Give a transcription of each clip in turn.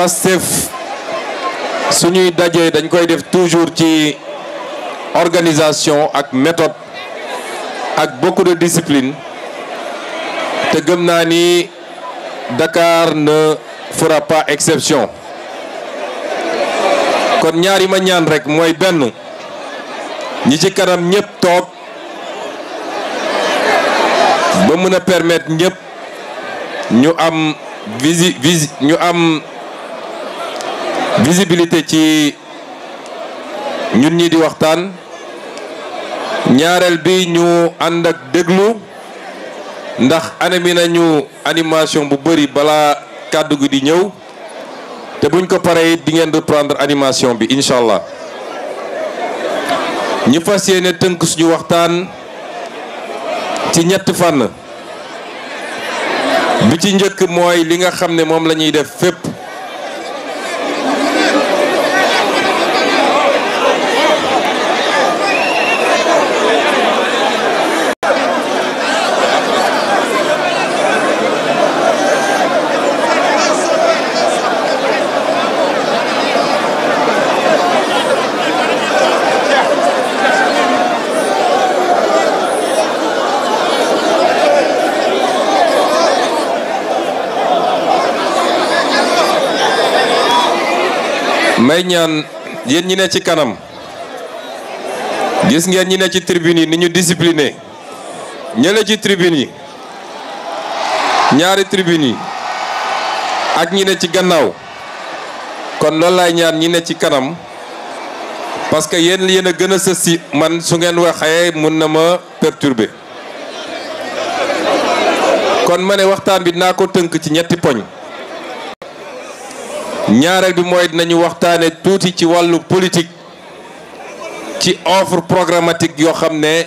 Pastef suñuy dajé dañ koy def toujours ci organisation ak méthode ak beaucoup de discipline te gëm ni Dakar ne fera pas exception kon ñaari ma ñaan rek moy benn ñi ci karam ñepp tok ba mëna permettre ñepp ñu am visi visi ñu am visibilité ci ñun ñi di waxtaan ñaarel bi ñu and ak deglu ndax anami nañu animation bu bari bala kaddu gu di ñew te buñ ko paré di ngeen reprendre animation bi inshallah ñu fas teunk suñu waxtaan ci ñett fan bi ci ñëk moy li nga ne lañuy def fep may ñaan yeen ñi ne ci kanam gis ngeen ñi ne ci tribune ni ñu discipliné ñele ci tribune ñaari tribune ak ñi ne ci gannaaw kon lool lay ñaan ñi ne ci kanam parce que yeen yéen a gën a man su ngeen mën na ma perturber kon mané waxtaan bi na ko teunk ci ñetti ñaareel bi mooy dinañu waxtaane tuuti ci wàllu politique ci offre programmatique yoo xam ne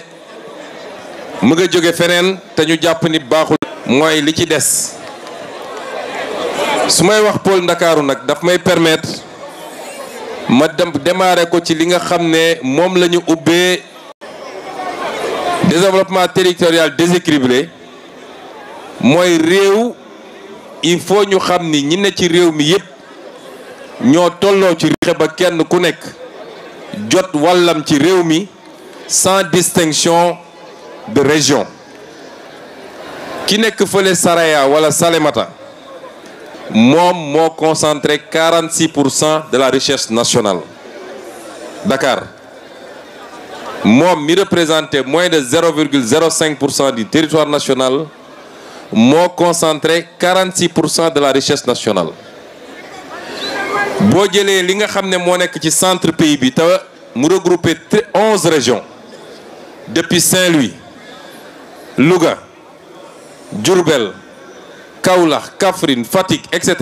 mu nga jóge feneen te ñu jàpp ni baaxul mooy li ci des su may wax pôle Ndakaaru nag daf may permettre ma dem démarrer ko ci li nga xam ne moom la ñu ubbee développement territorial déséquilibré mooy réew il faut ñu xam ni ñi ne ci réew mi yépp Nous tous les qui sans distinction de région ki fait le Saraya wala Salemata? Moi, moi concentré 46 de la richesse nationale Dakar Moi, mi représente moins de 0,05 du territoire national Moi concentré 46 de la richesse nationale boo jëlee li nga centre pays bi te regroupé régions depuis Saint-Louis Louga Djourbel, Kaula, Kafrine, Fatik, etc.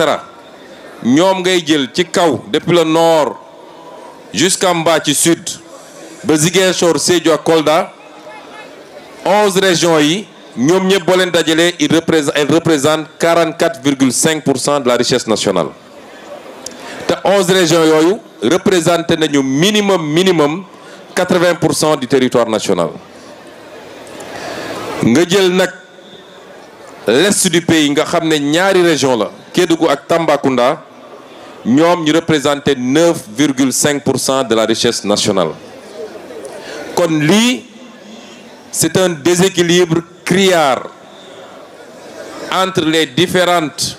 Nous avons ngay depuis le nord jusqu'en bas du sud ba Ziguinchor 11 Kolda 11 régions nous avons ñëpp elles représentent 44,5% de la richesse nationale les 11 régions représentent représentent minimum minimum 80 du territoire national l'est du pays nga y que ñaari région la Kédougou ak Tambacounda ñoom ñu de la richesse nationale kon c'est un déséquilibre criard entre les différentes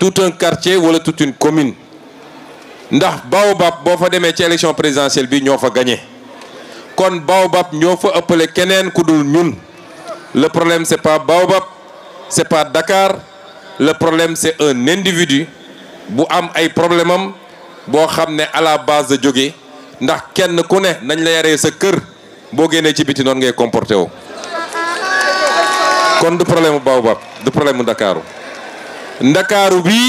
tout un quartier wala toute une commune ndax Baobab boo fa demee ci élection présidentielle bi nous fa gagné kon Baobab ñoo fa ëppale Kenen, ku ñun le problème c'est pas Baobab c'est pas Dakar le problème c'est un individu bu am ay problème bo xamné à la base de jóge ndax kenn ku ne nañ la yaree sa kër bo génné ci biti non ngay comporté kon du problème mu Baobab du problème Dakar. Dakar, l'élection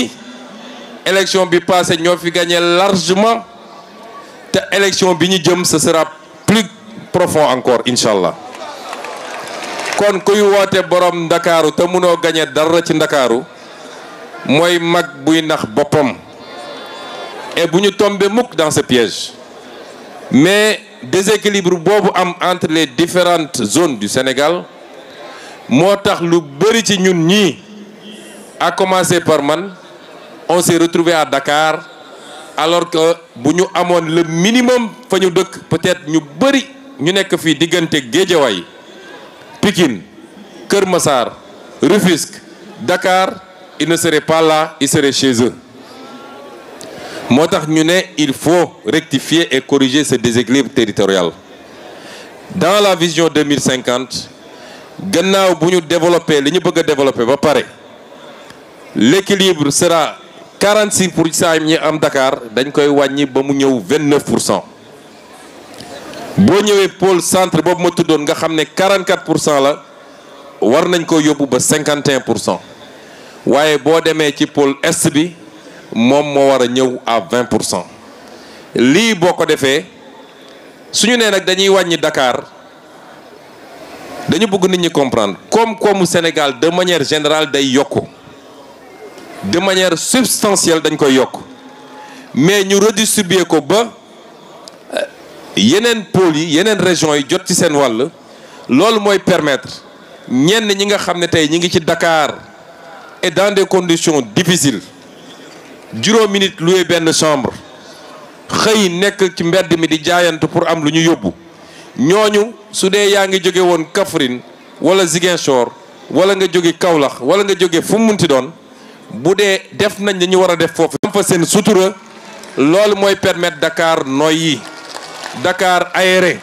élection bi passé nous fi gagné largement L'élection élection bi ñu ce sera plus profond encore inshallah. nous kon kuy woté borom Dakar te mëno gagné dara ci ndakaaru moy mag buy nax bopam et nous tomber tombés dans ce piège mais déséquilibre bobu am entre les différentes zones du Sénégal nous avons lu a commencer par man on s'est retrouvé à Dakar alors que nous avons le minimum nous. peut-être nous sommes ñu des fi diggante Guédiaway, Pikine Kermassar, Dakar ils ne seraient pas là ils seraient chez eux il faut rectifier et corriger ce déséquilibre territorial dans la vision 2050 nous nous développer nous bëgg développer, l'équilibre sera 46 pour cent am Dakar dañ koy wàññi ba mu 29 pour cent pôle centre Bob ma tuddoon nga 44 là, cent la war nañ ko ba 51 pour cent waaye ci pôle est bi moom a à 20 Li boko lii boo ko defee suñu nee nag dañuy wàññi Dakar dañu bëgg nit ñi comprendre koom-koomu Sénégal de manière générale day yokku de manière substantielle dañ koy yok mais ñu redistribuer ko ba euh, yenen pôles yi yenen région yi jot ci sen wall lool moy permettre ñen ñi nga xamné tay ñi ngi ci Dakar et dans des conditions difficiles juro minute loué ben chambre xey nek ci mbedd mi di jaayant pour am luñu yobbu ñoñu su dé yaangi ngi won wala Ziguinchor wala nga Kaolack wala nga jóge fu Budé def nañ ni ñu war a def fofu am fa sen sutura loolu moy permettre Dakar noyi Dakar aéré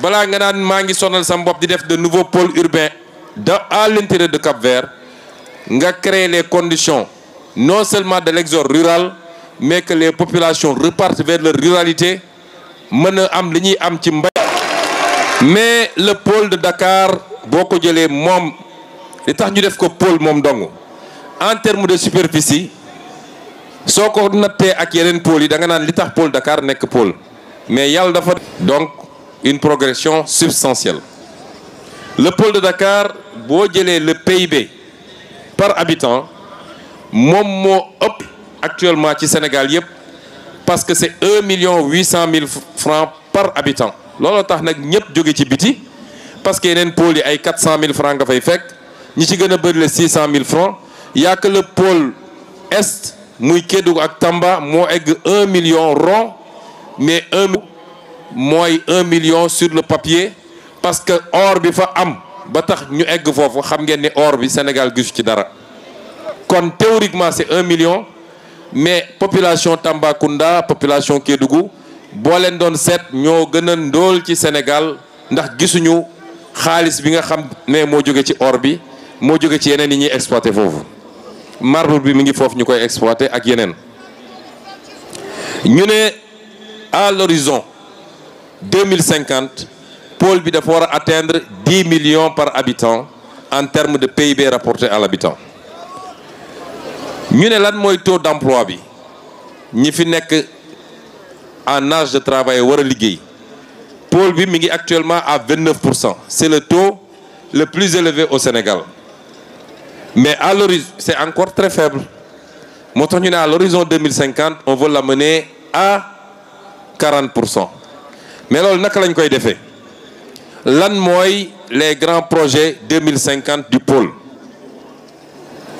Voilà, nga naan ma ngi sonal sam bopp di def de nouveaux pôles urbains de à l'intérieur de Cap-Vert nga créer les conditions non seulement de l'exode rural mais que les populations repartent vers leur ruralité mën am li ñuy am ci mbay mais le pôle de Dakar boko ko mom li tax ñu def ko pôle mom dongo en termes de superficie son on a pôle Dakar mais donc une progression substantielle le pôle de Dakar le PIB par habitant actuellement ci Sénégal parce que c'est un million francs par habitant parce que yeneen pôles yi ay francs nga francs il n'y a que le pôle Est, Mouikédougou ak Tamba, 1 million rond, mais 1 1 million sur le papier parce que or bi am ba tax ñu egg Sénégal théoriquement c'est 1 million mais population kunda, population Kédougou boo leen 7 nous ñoo au Sénégal ndax gisuñu nous bi nga xam marbre bi mi ngi exploiter ak à l'horizon 2050 pôle bi dafa atteindre 10 millions par habitant en termes de PIB rapporté à l'habitant ñu lan taux d'emploi bi ñi en âge de travail wara pôle actuellement à 29 c'est le taux le plus élevé au Sénégal mais à l'horizon c'est encore très faible Maintenant, à l'horizon 2050 on veut l'amener à 40 Mais là, mais a naka lañ koy fait lan les grands projets 2050 du pôle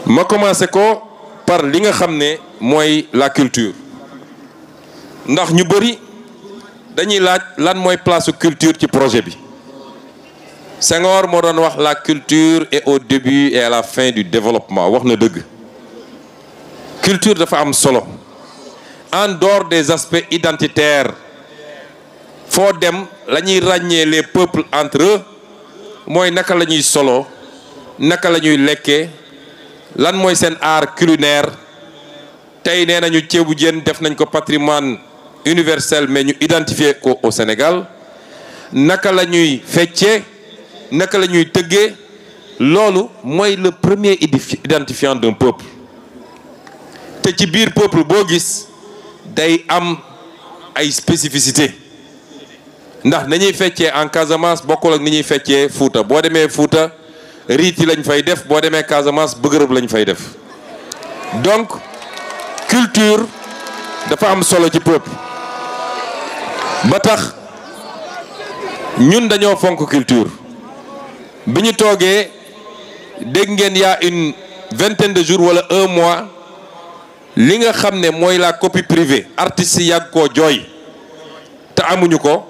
Je commence par li nga la culture nous avons, l'année dañuy lan place culture qui projet Senghor moo wax la culture est au début et à la fin du développement wax na culture dafa am solo en dehors des aspects identitaires fo dem lañuy ragné les peuples entre eux moy naka lañuy solo naka lañuy ñuy lan moy sen art culinaire tay nee nañu ceebu def nañ ko patrimoine universel mais ñu identifier ko au Sénégal naka lañuy ñuy naka lañuy teggé lolu moy le premier identifiant d'un peuple té ci bir peuple bo gis day am ay spécificité ndax nañuy feccee en Casamance bokol ak niñuy ñuy fouta. bo démé fouta, riti lañ fay def bo démé Casamance bëgërëb lañ fay def donc culture dafa am solo ci peuple ba tax ñun dañoo fonk culture biñu ñu toogee dégg ngeen ya une vingtaine de jours wala un mois li nga xamné moy la copie privée artiste ya ko joy ta amuñu ko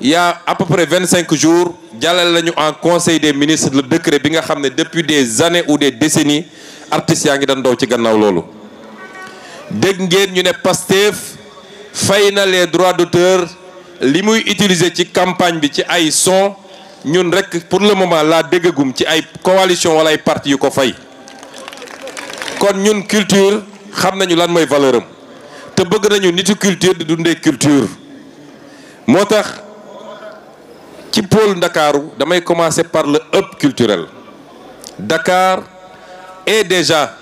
y'a à peu près vingt cinq jours jàllale lañu en conseil des ministres le décret bi nga xamné depuis des années ou des décennies artiste ya ngi dan daw ci gannaaw lolu dégg ngeen ñu né Pastef fay na les droits d'auteur li muy utiliser ci campagne bi ci ay sons ñun rek pour le moment la déggum ci ay coalition wala ay parti yu ko fay kon ñun culture xam nañu lan moy valeur am te bëgg nañu nitu culture di autre culture motax ci pôle Ndakaaru damay commencer par le up culturel Dakar est déjà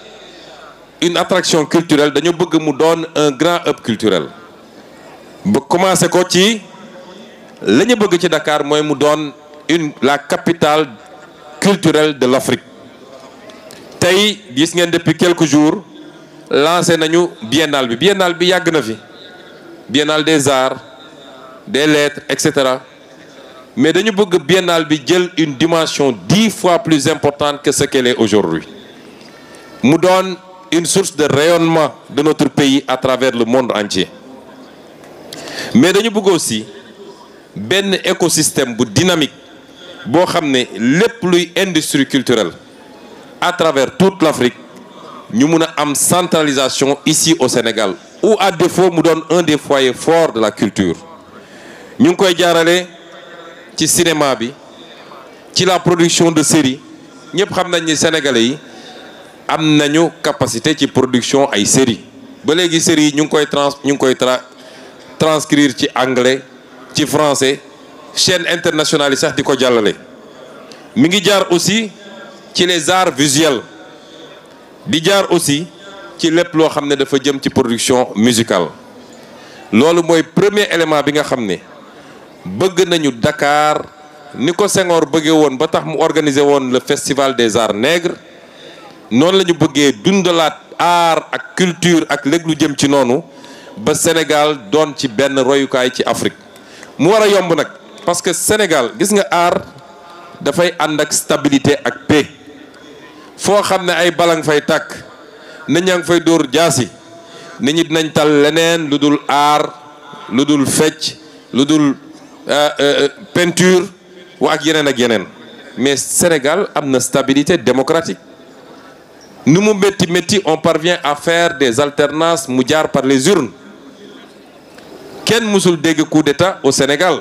une attraction culturelle dañu bëgg mu donne un grand up culturel ba commencer ko ci lañu bëgg ci Dakar moy mu donne la capitale culturelle de l'Afrique Tay, depuis quelques jours lancé nañu biennale bi biennale bi biennale des arts des lettres etc. mais nous bëgg biennale bi une dimension dix fois plus importante que ce qu'elle est aujourd'hui Nous donne une source de rayonnement de notre pays à travers le monde entier mais nous bëgg aussi un écosystème dynamique si amener ne luy industrie culturelle à travers toute l'Afrique nous avons une centralisation ici au Sénégal où à défaut nous donnons un des foyers forts de la culture Nous avons koy cinémas, cinéma la production de séries Nous savons que sénégalais yi une capacité de production de séries ba avons séries nous ñu transcrire en anglais en français chaîne internationale sax diko ko mi ngi jaar aussi ci les arts visuels di jaar aussi ci lepp lo xam ne dafa jëm ci production musicale lolu moy premier élément bi nga xam ne bëgg nañu Dakar niko ko Senghor bëggee woon ba tax mu organiser won le festival des arts nègres Non lañu ñu bëggee art ak culture ak léeg lu jëm ci nonu ba Sénégal don ci ben royukaay ci Afrique mu wara yomb nak parce que Sénégal gis nga art y une stabilité paix train Faut ay balang sont en train de se faire, Ils sont en train dinañ tal faire. Ils sont peinture wa ak mais Sénégal a une stabilité démocratique Nous, on parvient à faire des alternances par les urnes Quel musul le coup d'état au Sénégal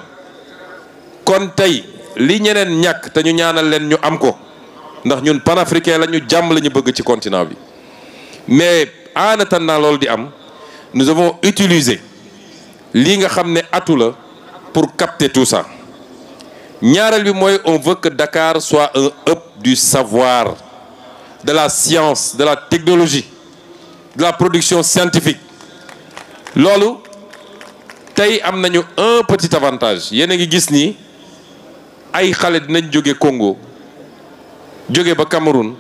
kon tay li ñeneen ñak te ñu ñaanal leen ñu am ko ndax ñun panafricain la ñu jàmm la ñu bëgg ci continent bi mais en attendant lol di am nous avons utilisé li nga xam ne atu la pour capter tout ça ñaaral bi moy on veut que Dakar soit un hub du savoir de la science de la technologie de la production scientifique lolou tay am nañu un petit avantage yene a ngi gis ni ay xale dinañ jóge Congo jóge ba Cameroun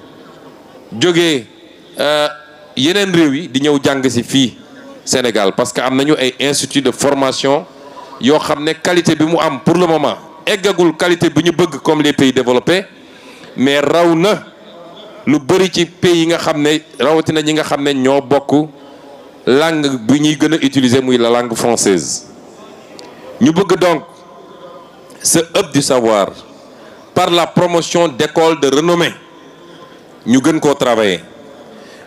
euh yenen réew yi di ñew jang ci fi Sénégal parce que am nañu ay institut de formation yo xamné qualité bi mu am pour le moment eggagul qualité bi ñu bëgg comme les pays développés mais rawna lu bëri ci pays yi nga xamné rawati n'a ñi nga xamné ño bokk langue bi ñuy gëna utiliser muy la langue française ñu bëgg donc ce hub du savoir par la promotion d'écoles de renommée nous gën koo travailler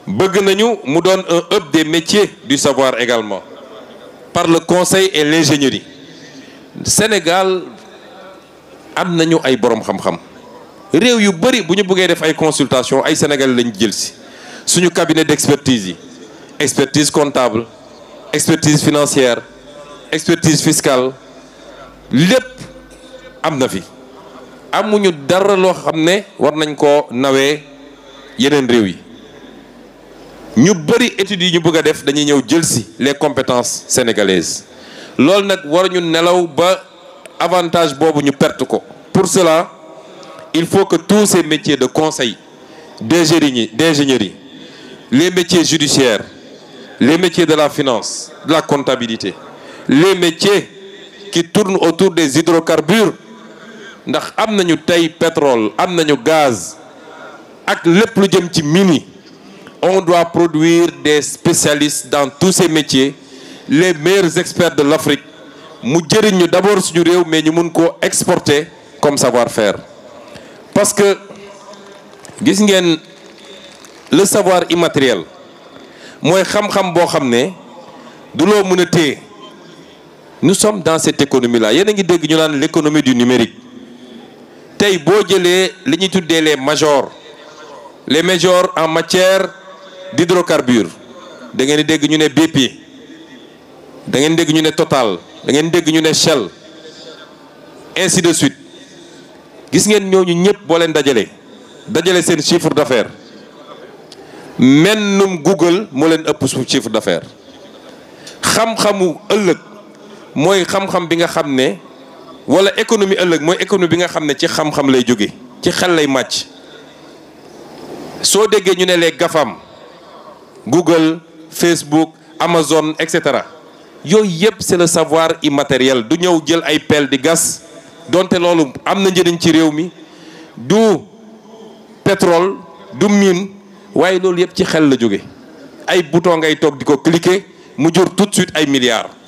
bëgg nañu mu un hub des métiers du savoir également par le conseil et l'ingénierie Sénégal am nañu ay borom xam-xam réew yu bari buñu bëggé def ay consultation ay Sénégal lañu jël ci suñu cabinet d'expertise expertise comptable expertise financière expertise fiscale lepp amna fi amuñu dara lo xamné ne war nañ ko nawé yeneen réew yi ñu bari étude yi ñu bëgg def ñëw jël les compétences sénégalaises nak war ñu nelaw ba avantage bobu ñu perte ko. pour cela il faut que tous ces métiers de conseil d'ingénierie d'ingénierie les métiers judiciaires les métiers de la finance de la comptabilité les métiers qui tournent autour des hydrocarbures. Nous avons du tey pétrole avons gaz ak le plus jëm ci mini on doit produire des spécialistes dans tous ces métiers les meilleurs experts de l'Afrique mu jëriñ d'abord suñu exporter comme savoir-faire parce que le savoir immatériel moy xam-xam nous sommes dans cette économie là y a ngi qui ñu nan l'économie du numérique tay bo jëlee li ñuy tuddee les majors les majors en matière d'hydrocarbures da ngeen dégg ñu né BP da ngeen dégg ñu né Total da ngeen dégg ñu né Shell ainsi de suite gis ngeen ñooñu ñëpp bo leen dajalé dajalé sen chiffre d'affaires mennum Google mo leen ëpp su chiffre d'affaires xam-xamu ëlëk moy xam-xam bi nga xam wala économie ëllëg mooy économie bi nga xam ne ci xam-xam lay jóge ci xel lay màcc soo déggee ñu ne les GAFAM Google Facebook Amazon et cetera yooyu yëpp c'est le savoir immatériel du ñëw jël ay pelle di gas donte loolu am na njëriñ ci réew mi du pétrole du mine waaye loolu yëpp ci xel la jóge ay bouton ngay toog di ko cliquer mu jur tout suite ay milliards